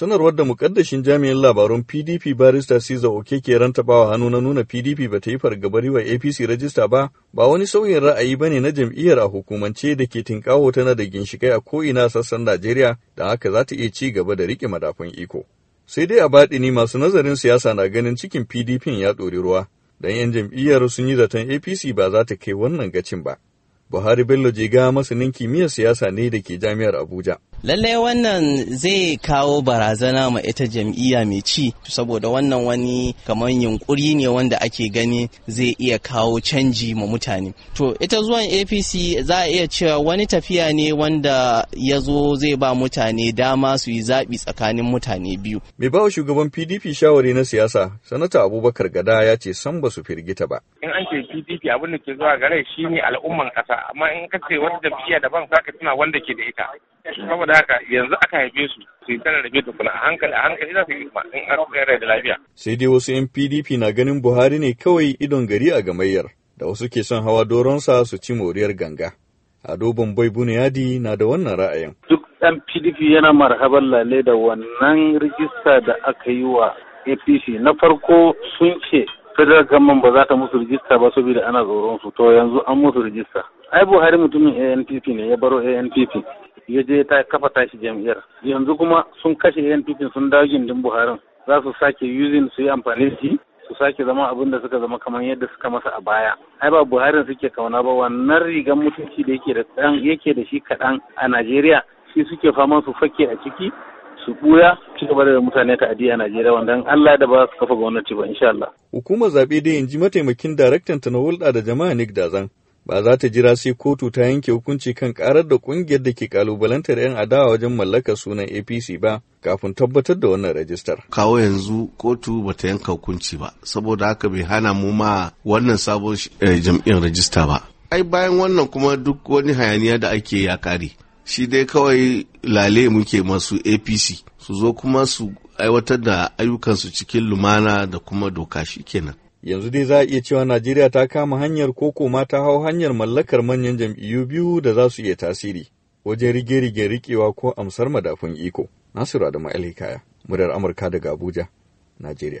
Sanarwar da mukaddashin jami'in labarun PDP barista Siza ke rantabawa hannu na nuna PDP ba ta yi fargabari wa APC rajista ba, ba wani sauyin ra'ayi ba ne na jam'iyyar a hukumance da ke tinkawo tana da ginshikai a ko'ina sassan Najeriya da haka za ta iya ci gaba da rike madafun iko. Sai dai a baɗini masu nazarin siyasa na ganin cikin PDP ya ɗori ruwa, dan 'yan jam'iyyar sun yi zaton APC ba za ta kai wannan gacin ba. Buhari Bello Jega masanin kimiyyar siyasa ne da ke jami'ar Abuja. lallai wannan zai kawo barazana ma ita jam'iyya mai ci saboda wannan wani kamar yunkuri ne wanda ake gani zai iya kawo canji ma mutane to ita zuwan apc za a iya cewa wani tafiya ne wanda ya zo zai ba mutane dama su yi zaɓi tsakanin mutane biyu mai bawa shugaban pdp shawari na siyasa sanata abubakar gada ya ce san ba su firgita ba in an ce pdp abin da ke zuwa gare shi ne al'umman ƙasa amma in ka ce wata jam'iyya daban za ka tuna wanda ke da ita saboda haka yanzu aka haife su sai tana da bi kula a hankali a hankali za su yi ma in aka da lafiya. Sai dai wasu 'yan PDP na ganin Buhari ne kawai idon gari a gamayyar da wasu ke son hawa doronsa su ci moriyar ganga. Ado Bambai yadi na da wannan ra'ayin. Duk ɗan PDP yana marhaban lale da wannan rijista da aka yi wa APC na farko sun ce federal government ba za ta musu rijista ba saboda ana tsoron su to yanzu an musu rijista. Ai Buhari mutumin ANPP ne ya baro ANPP. ya je ta kafa tashi jam'iyyar yanzu kuma sun kashe yan tukin sun dawo gindin buharin za su sake yuzin su yi amfani da shi su sake zama abin da suka zama kamar yadda suka masa a baya ai ba buharin suke kauna ba wannan rigan mutunci da yake da yake da shi kaɗan a najeriya shi suke fama su fake a ciki su buya ci gaba da mutane ta a Najeriya wanda Allah da ba su kafa gwamnati ba insha Allah. Hukumar zaɓe da yanzu mataimakin daraktan ta na hulɗa da jama'a Nick Dazan ba za ta jira sai kotu ta yanke hukunci kan karar da kungiyar da ke kalubalantar 'yan adawa wajen mallaka sunan apc ba kafin tabbatar da wannan rajistar. kawo yanzu kotu ba ta yanka hukunci ba saboda haka bai hana mu ma wannan sabon eh, jam'iyyar rajista ba ai bayan wannan kuma duk wani hayaniya da ake ya kare shi dai kawai lale muke masu apc su zo kuma su aiwatar da ayyukansu cikin lumana da kuma doka shi kenan yanzu dai za a iya cewa Najeriya ta kama hanyar koko ma ta hau hanyar mallakar manyan jam'iyyu biyu da za su iya tasiri wajen rige-rige rikewa ko amsar madafun iko. Nasiru Adamu Alhikaya, muryar Amurka daga Abuja, Najeriya.